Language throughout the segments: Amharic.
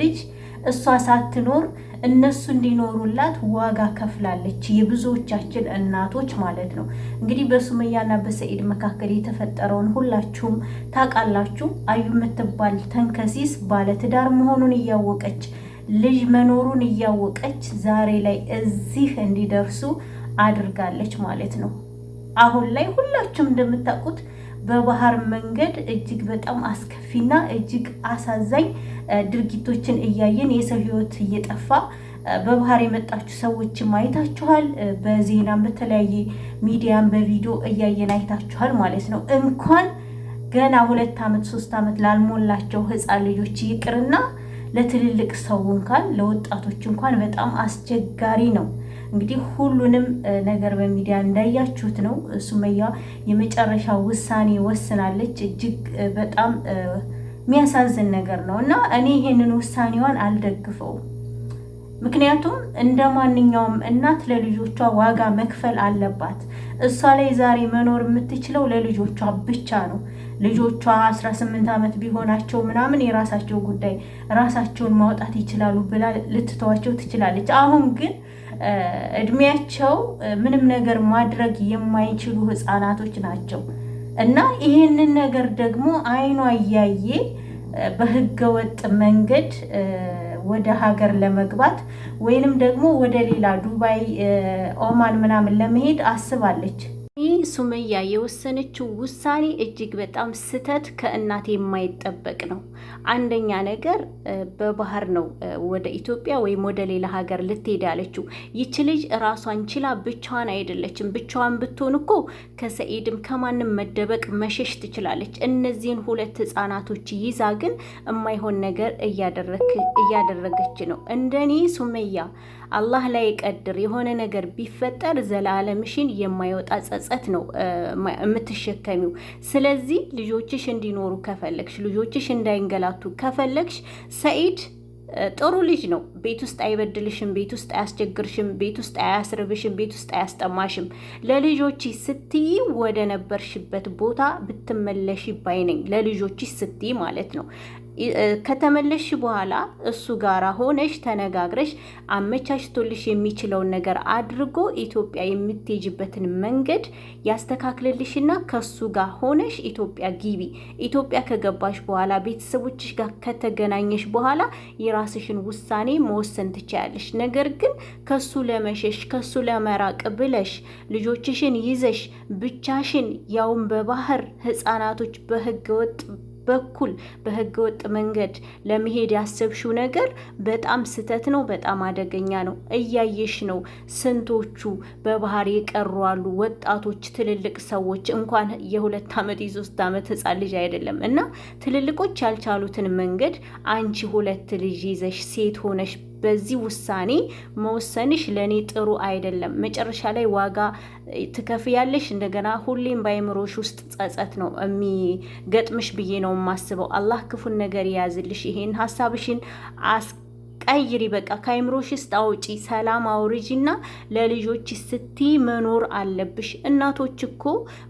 ልጅ እሷ ሳትኖር እነሱ እንዲኖሩላት ዋጋ ከፍላለች። የብዙዎቻችን እናቶች ማለት ነው። እንግዲህ በሱመያና በሰኢድ መካከል የተፈጠረውን ሁላችሁም ታውቃላችሁ። አዩ የምትባል ተንከሲስ ባለትዳር መሆኑን እያወቀች ልጅ መኖሩን እያወቀች ዛሬ ላይ እዚህ እንዲደርሱ አድርጋለች ማለት ነው። አሁን ላይ ሁላችሁም እንደምታውቁት በባህር መንገድ እጅግ በጣም አስከፊና እጅግ አሳዛኝ ድርጊቶችን እያየን የሰው ህይወት እየጠፋ በባህር የመጣችሁ ሰዎችም አይታችኋል። በዜናም በተለያየ ሚዲያም በቪዲዮ እያየን አይታችኋል ማለት ነው። እንኳን ገና ሁለት ዓመት ሶስት ዓመት ላልሞላቸው ህፃን ልጆች ይቅርና ለትልልቅ ሰው እንኳን ለወጣቶች እንኳን በጣም አስቸጋሪ ነው። እንግዲህ ሁሉንም ነገር በሚዲያ እንዳያችሁት ነው። ሱመያ የመጨረሻ ውሳኔ ወስናለች። እጅግ በጣም የሚያሳዝን ነገር ነው እና እኔ ይሄንን ውሳኔዋን አልደግፈውም። ምክንያቱም እንደ ማንኛውም እናት ለልጆቿ ዋጋ መክፈል አለባት። እሷ ላይ ዛሬ መኖር የምትችለው ለልጆቿ ብቻ ነው። ልጆቿ 18 ዓመት ቢሆናቸው ምናምን የራሳቸው ጉዳይ ራሳቸውን ማውጣት ይችላሉ ብላ ልትተዋቸው ትችላለች። አሁን ግን እድሜያቸው ምንም ነገር ማድረግ የማይችሉ ህፃናቶች ናቸው እና ይህንን ነገር ደግሞ አይኗ እያየ በህገወጥ መንገድ ወደ ሀገር ለመግባት ወይንም ደግሞ ወደ ሌላ ዱባይ፣ ኦማን ምናምን ለመሄድ አስባለች። ይህ ሱመያ የወሰነችው ውሳኔ እጅግ በጣም ስህተት ከእናት የማይጠበቅ ነው። አንደኛ ነገር በባህር ነው ወደ ኢትዮጵያ ወይም ወደ ሌላ ሀገር ልትሄድ ያለችው። ይች ልጅ ራሷን ችላ ብቻዋን አይደለችም። ብቻዋን ብትሆን እኮ ከሰኢድም ከማንም መደበቅ መሸሽ ትችላለች። እነዚህን ሁለት ህጻናቶች ይዛ ግን የማይሆን ነገር እያደረገች ነው። እንደኔ ሱመያ አላህ ላይ ቀድር የሆነ ነገር ቢፈጠር ዘላለምሽን የማይወጣ ጸጸት ነው የምትሸከሚው። ስለዚህ ልጆችሽ እንዲኖሩ ከፈለግሽ፣ ልጆችሽ እንዳይንገላቱ ከፈለግሽ ሰኢድ ጥሩ ልጅ ነው። ቤት ውስጥ አይበድልሽም፣ ቤት ውስጥ አያስቸግርሽም፣ ቤት ውስጥ አያስርብሽም፣ ቤት ውስጥ አያስጠማሽም። ለልጆች ስትይ ወደ ነበርሽበት ቦታ ብትመለሽ ባይ ነኝ። ስትይ ማለት ነው። ከተመለሽ በኋላ እሱ ጋር ሆነሽ ተነጋግረሽ አመቻችቶልሽ የሚችለውን ነገር አድርጎ ኢትዮጵያ የምትሄጅበትን መንገድ ያስተካክልልሽና ከሱ ጋር ሆነሽ ኢትዮጵያ ግቢ። ኢትዮጵያ ከገባሽ በኋላ ቤተሰቦችሽ ጋር ከተገናኘሽ በኋላ የራስሽን ውሳኔ መወሰን ትችያለሽ። ነገር ግን ከሱ ለመሸሽ ከሱ ለመራቅ ብለሽ ልጆችሽን ይዘሽ ብቻሽን ያውም በባህር ህጻናቶች በህገወጥ በኩል በህገወጥ መንገድ ለመሄድ ያሰብሽው ነገር በጣም ስህተት ነው፣ በጣም አደገኛ ነው። እያየሽ ነው ስንቶቹ በባህር የቀሩ አሉ። ወጣቶች፣ ትልልቅ ሰዎች እንኳን የሁለት ዓመት የሶስት ዓመት ህፃን ልጅ አይደለም እና ትልልቆች ያልቻሉትን መንገድ አንቺ ሁለት ልጅ ይዘሽ ሴት ሆነሽ በዚህ ውሳኔ መወሰንሽ ለእኔ ጥሩ አይደለም። መጨረሻ ላይ ዋጋ ትከፍያለሽ። እንደገና ሁሌም በአይምሮሽ ውስጥ ጸጸት ነው የሚገጥምሽ ብዬ ነው የማስበው። አላህ ክፉን ነገር የያዝልሽ። ይሄን ሀሳብሽን አስ ቀይሪ በቃ ከአይምሮሽ ውስጥ አውጪ። ሰላም አውርጂና ለልጆች ስቲ መኖር አለብሽ። እናቶች እኮ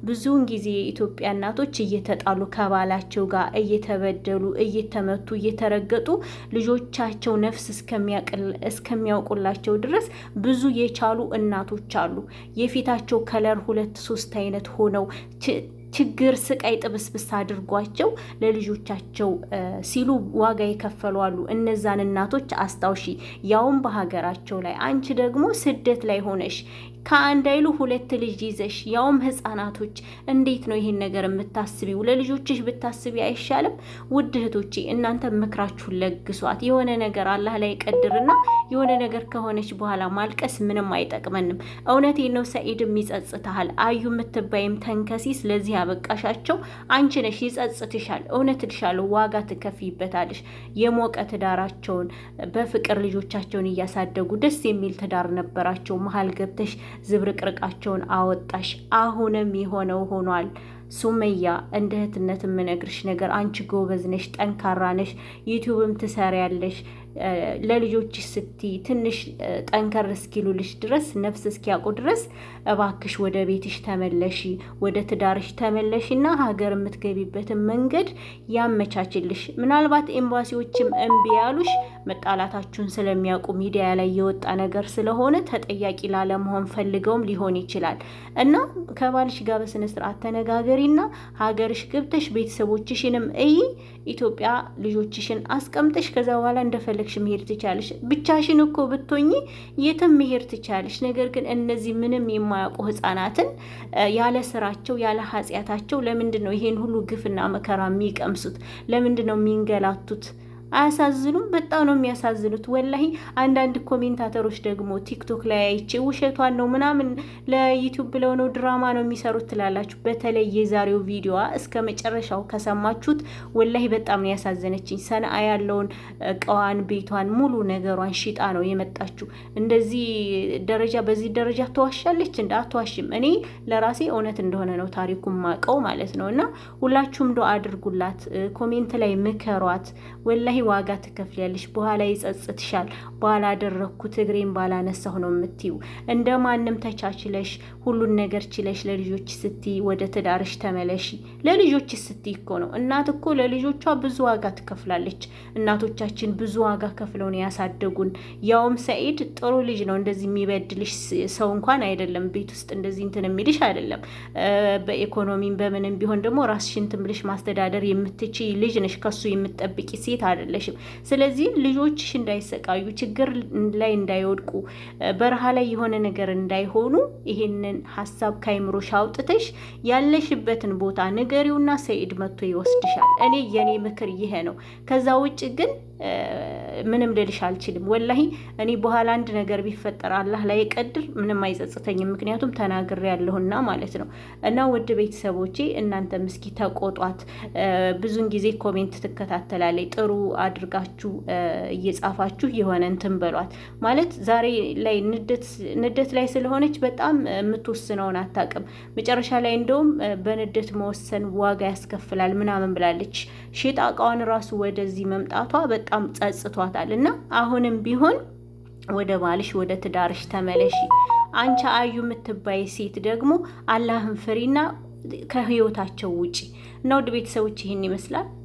ብዙውን ጊዜ የኢትዮጵያ እናቶች እየተጣሉ ከባላቸው ጋር እየተበደሉ፣ እየተመቱ፣ እየተረገጡ ልጆቻቸው ነፍስ እስከሚያውቁላቸው ድረስ ብዙ የቻሉ እናቶች አሉ። የፊታቸው ከለር ሁለት ሶስት አይነት ሆነው ችግር፣ ስቃይ ጥብስብስ አድርጓቸው ለልጆቻቸው ሲሉ ዋጋ የከፈሉ አሉ። እነዛን እናቶች አስታውሺ፣ ያውም በሀገራቸው ላይ። አንቺ ደግሞ ስደት ላይ ሆነሽ ከአንድ አይሉ ሁለት ልጅ ይዘሽ ያውም ህጻናቶች፣ እንዴት ነው ይሄን ነገር የምታስቢው? ለልጆችሽ ብታስቢ አይሻልም? ውድ እህቶቼ እናንተ ምክራችሁን ለግሷት። የሆነ ነገር አላህ ላይ ቀድርና የሆነ ነገር ከሆነች በኋላ ማልቀስ ምንም አይጠቅመንም። እውነቴ ነው። ሰኢድም ይጸጽትሃል። አዩ የምትባይም ተንከሲስ ለዚህ ያበቃሻቸው አንቺ ነሽ። ይጸጽትሻል። እውነት ልሻለሁ። ዋጋ ትከፍይበታለሽ። የሞቀ ትዳራቸውን በፍቅር ልጆቻቸውን እያሳደጉ ደስ የሚል ትዳር ነበራቸው። መሀል ገብተሽ ዝብርቅርቃቸውን አወጣሽ። አሁንም የሆነው ሆኗል። ሱመያ እንደ እህትነት የምነግርሽ ነገር አንቺ ጎበዝ ነሽ፣ ጠንካራ ነሽ፣ ዩቲዩብም ትሰሪያለሽ። ለልጆች ስቲ ትንሽ ጠንከር እስኪሉልሽ ድረስ ነፍስ እስኪያውቁ ድረስ እባክሽ ወደ ቤትሽ ተመለሺ፣ ወደ ትዳርሽ ተመለሺ እና ሀገር የምትገቢበትን መንገድ ያመቻችልሽ። ምናልባት ኤምባሲዎችም እምቢ ያሉሽ መጣላታችሁን ስለሚያውቁ ሚዲያ ላይ የወጣ ነገር ስለሆነ ተጠያቂ ላለመሆን ፈልገውም ሊሆን ይችላል እና ከባልሽ ጋር ተነጋገሪ ተነጋገሪና ሀገርሽ ገብተሽ ቤተሰቦችሽንም እይ፣ ኢትዮጵያ ልጆችሽን አስቀምጠሽ ከዛ በኋላ እንደፈለ ከፈለግሽ መሄድ ትቻለሽ። ብቻሽን እኮ ብትሆኚ የትም መሄድ ትቻለሽ። ነገር ግን እነዚህ ምንም የማያውቁ ህጻናትን ያለ ስራቸው ያለ ኃጢአታቸው ለምንድን ነው ይሄን ሁሉ ግፍና መከራ የሚቀምሱት? ለምንድን ነው የሚንገላቱት? አያሳዝኑም? በጣም ነው የሚያሳዝኑት። ወላሂ አንዳንድ ኮሜንታተሮች ደግሞ ቲክቶክ ላይ አይቼ ውሸቷን ነው ምናምን ለዩቲዩብ ብለው ነው ድራማ ነው የሚሰሩት ትላላችሁ። በተለይ የዛሬው ቪዲዮዋ እስከ መጨረሻው ከሰማችሁት ወላሂ በጣም ነው ያሳዘነችኝ። ሰነአ ያለውን እቃዋን፣ ቤቷን፣ ሙሉ ነገሯን ሽጣ ነው የመጣችሁ። እንደዚህ ደረጃ በዚህ ደረጃ ትዋሻለች? እንደ አትዋሽም። እኔ ለራሴ እውነት እንደሆነ ነው ታሪኩን ማቀው ማለት ነው። እና ሁላችሁም ዶ አድርጉላት፣ ኮሜንት ላይ ምከሯት ወላሂ ዋጋ ትከፍያለሽ፣ በኋላ ይጸጽትሻል። በኋላ አደረግኩት እግሬን ባላነሳሁ ነው የምትዩ። እንደ ማንም ተቻችለሽ ሁሉን ነገር ችለሽ ለልጆች ስትይ ወደ ትዳርሽ ተመለሺ። ለልጆች ስትይ እኮ ነው። እናት እኮ ለልጆቿ ብዙ ዋጋ ትከፍላለች። እናቶቻችን ብዙ ዋጋ ከፍለውን ያሳደጉን። ያውም ሰኢድ ጥሩ ልጅ ነው። እንደዚህ የሚበድልሽ ሰው እንኳን አይደለም። ቤት ውስጥ እንደዚህ እንትን የሚልሽ አይደለም። በኢኮኖሚም በምንም ቢሆን ደግሞ ራስሽን ትምልሽ ማስተዳደር የምትችይ ልጅ ነሽ። ከሱ የምትጠብቂ ሴት አይደለም። አይደለሽም። ስለዚህ ልጆችሽ እንዳይሰቃዩ፣ ችግር ላይ እንዳይወድቁ፣ በረሃ ላይ የሆነ ነገር እንዳይሆኑ ይሄንን ሀሳብ ከአይምሮሽ አውጥተሽ ያለሽበትን ቦታ ንገሪውና ሰኢድ መጥቶ ይወስድሻል። እኔ የኔ ምክር ይሄ ነው። ከዛ ውጭ ግን ምንም ልልሽ አልችልም። ወላሂ እኔ በኋላ አንድ ነገር ቢፈጠር አላህ ላይ ቀድር ምንም አይጸጽተኝም። ምክንያቱም ተናግሬ ያለሁና ማለት ነው። እና ውድ ቤተሰቦቼ እናንተም እስኪ ተቆጧት። ብዙን ጊዜ ኮሜንት ትከታተላለች፣ ጥሩ አድርጋችሁ እየጻፋችሁ የሆነ እንትን በሏት ማለት ዛሬ ላይ ንደት ላይ ስለሆነች በጣም የምትወስነውን አታውቅም። መጨረሻ ላይ እንደውም በንደት መወሰን ዋጋ ያስከፍላል ምናምን ብላለች። ሼጣ እቃዋን ራሱ ወደዚህ መምጣቷ በጣም ጸጽቷታል። እና አሁንም ቢሆን ወደ ባልሽ ወደ ትዳርሽ ተመለሺ። አንቺ አዩ የምትባይ ሴት ደግሞ አላህን ፍሪና ከህይወታቸው ውጪ እና ውድ ቤተሰቦች ይህን ይመስላል።